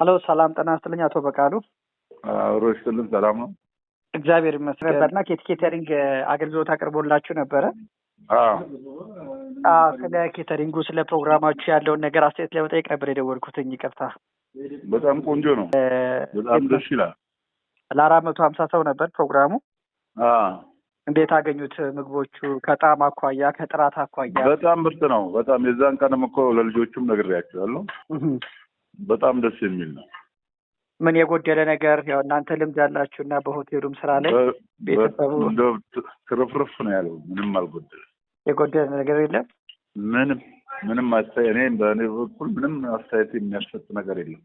ሀሎ ሰላም ጤና ይስጥልኝ አቶ በቃሉ አብሮ ይስጥልን ሰላም ነው እግዚአብሔር ይመስገን ነበርና ኬት ኬተሪንግ አገልግሎት አቅርቦላችሁ ነበረ ስለ ኬተሪንጉ ስለ ፕሮግራማችሁ ያለውን ነገር አስተያየት ለመጠየቅ ነበር የደወልኩትኝ ይቅርታ በጣም ቆንጆ ነው በጣም ደስ ይላል ለአራት መቶ ሀምሳ ሰው ነበር ፕሮግራሙ እንዴት አገኙት ምግቦቹ ከጣም አኳያ ከጥራት አኳያ በጣም ምርጥ ነው በጣም የዛን ቀንም እኮ ለልጆቹም ነግሬያቸዋለሁ በጣም ደስ የሚል ነው። ምን የጎደለ ነገር ያው እናንተ ልምድ ያላችሁ እና በሆቴሉም ስራ ላይ ቤተሰቡ ትርፍርፍ ነው ያለው። ምንም አልጎደለ የጎደለ ነገር የለም። ምንም ምንም አስተያየት እኔ በእኔ በኩል ምንም አስተያየት የሚያሰጥ ነገር የለም።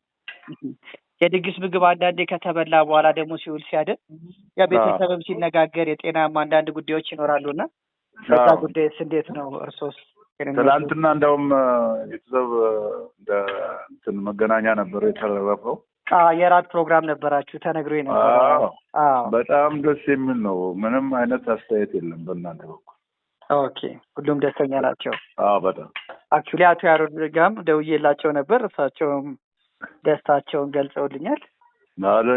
የድግስ ምግብ አንዳንዴ ከተበላ በኋላ ደግሞ ሲውል ሲያድር ያ ቤተሰብም ሲነጋገር የጤናም አንዳንድ ጉዳዮች እና በዛ ጉዳይስ እንዴት ነው እርሶስ? ትላንትና እንደውም ቤተሰብ መገናኛ ነበር የተረረፈው። የራት ፕሮግራም ነበራችሁ ተነግሮ ነበር። በጣም ደስ የሚል ነው። ምንም አይነት አስተያየት የለም በእናንተ በኩል። ኦኬ፣ ሁሉም ደስተኛ ናቸው። በጣም አክቹዋሊ አቶ ያሮድጋም ደውዬላቸው ነበር። እሳቸውም ደስታቸውን ገልጸውልኛል።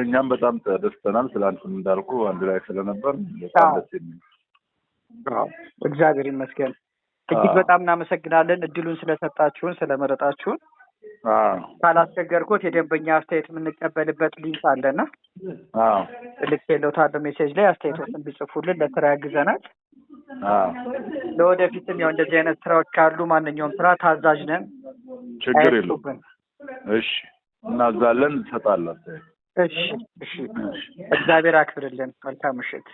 እኛም በጣም ደስተናል። ትላንትም እንዳልኩ አንድ ላይ ስለነበር በጣም ደስ የሚል እግዚአብሔር ይመስገን። እጅግ በጣም እናመሰግናለን እድሉን ስለሰጣችሁን ስለመረጣችሁን። ካላስቸገርኩት የደንበኛ አስተያየት የምንቀበልበት ሊንክ አለና ልክ የለውታለ ሜሴጅ ላይ አስተያየቶችን ቢጽፉልን ለስራ ያግዘናል። ለወደፊትም ያው እንደዚህ አይነት ስራዎች ካሉ ማንኛውም ስራ ታዛዥ ነን፣ ችግር የለውም። እሺ፣ እናዛለን፣ እንሰጣለን። እሺ፣ እሺ፣ እግዚአብሔር አክብርልን። መልካም ምሽት።